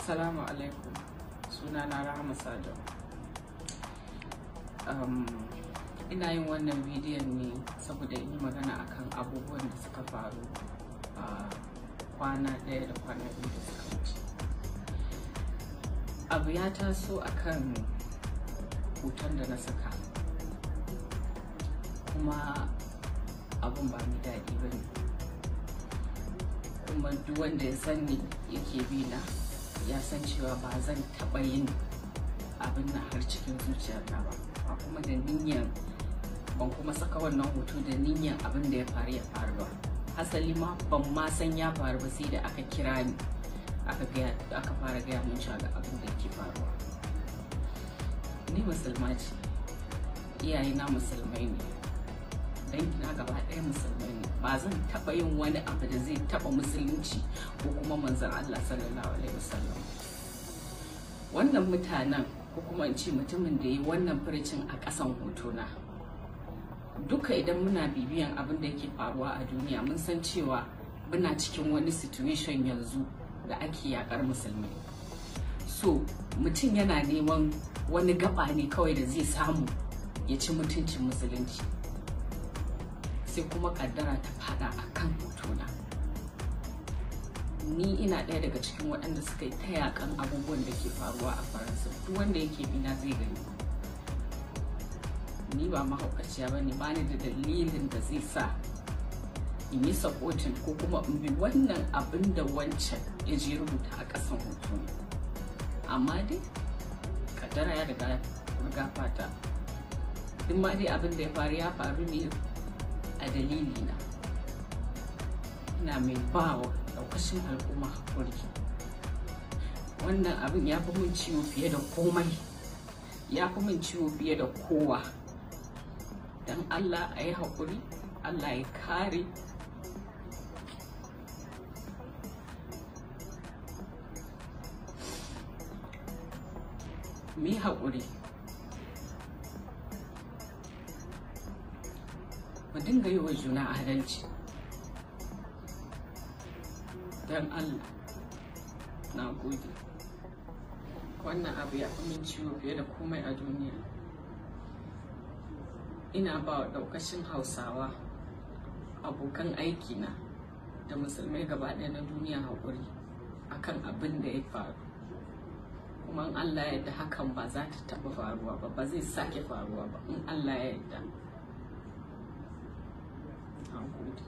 Salamu alaikum suna na Rahama Sajo. Um, ina yin wannan bidiyon ne saboda in yi magana akan abubuwan da suka faru a kwana ɗaya da kwana biyu da suka wuce. Abu ya taso akan hoton da na saka kuma abun ba ni daɗi ba ne kuma duk wanda ya sani yake bi na ya san cewa ba zan taɓa yin abin na har cikin zuciyata ba ba kuma da niyyar ban kuma saka wannan hoto da niyyar abin da ya faru ya faru ba hasali ma ban ma san ya faru ba sai da aka kira ni aka fara gaya mun cewa ga abin da ke faruwa ni musulma ce iyayena musulmai ne na gaba ɗaya musulmai ne ba zan taɓa yin wani abu da zai taɓa musulunci ko kuma manzan Allah sallallahu alaihi wasallam wannan mutanen ko kuma in ce mutumin da ya yi wannan furcin a ƙasan hotuna duka idan muna bibiyan abin da yake faruwa a duniya mun san cewa muna cikin wani situation yanzu da ake yakar musulmai so mutum yana neman wani gaba ne kawai da zai samu ya ci mutuncin musulunci sai kuma kaddara ta fada a kan hotuna ni ina ɗaya daga cikin waɗanda suka yi ta yakan abubuwan da ke faruwa a faransa duk wanda yake bina zai gani ni ba mahaukaciya ba ne bani da dalilin da zai sa in yi sapotin ko kuma in bi wannan abin da wancan ya je rubuta a kasan hoto amma dai kaddara ya riga fata duk ma dai abin da ya faru ya faru ne a dalili na ina mai bawa daukashin al'umma hakuri wannan abin ya fi mun ciwo fiye da komai ya fi mun ciwo fiye da kowa don allah a yi haƙuri allah ya kare mu yi haƙuri mu dinga yi wa juna adalci don allah na gode wannan abu ya fi min ciwo fiye da komai a duniya ina ba wa daukashin hausawa abokan aikina da musulmai gaba ɗaya na duniya haƙuri a kan abin da ya faru kuma in allah ya hakan ba za ta taɓa faruwa ba ba zai sake faruwa ba in allah ya 长骨头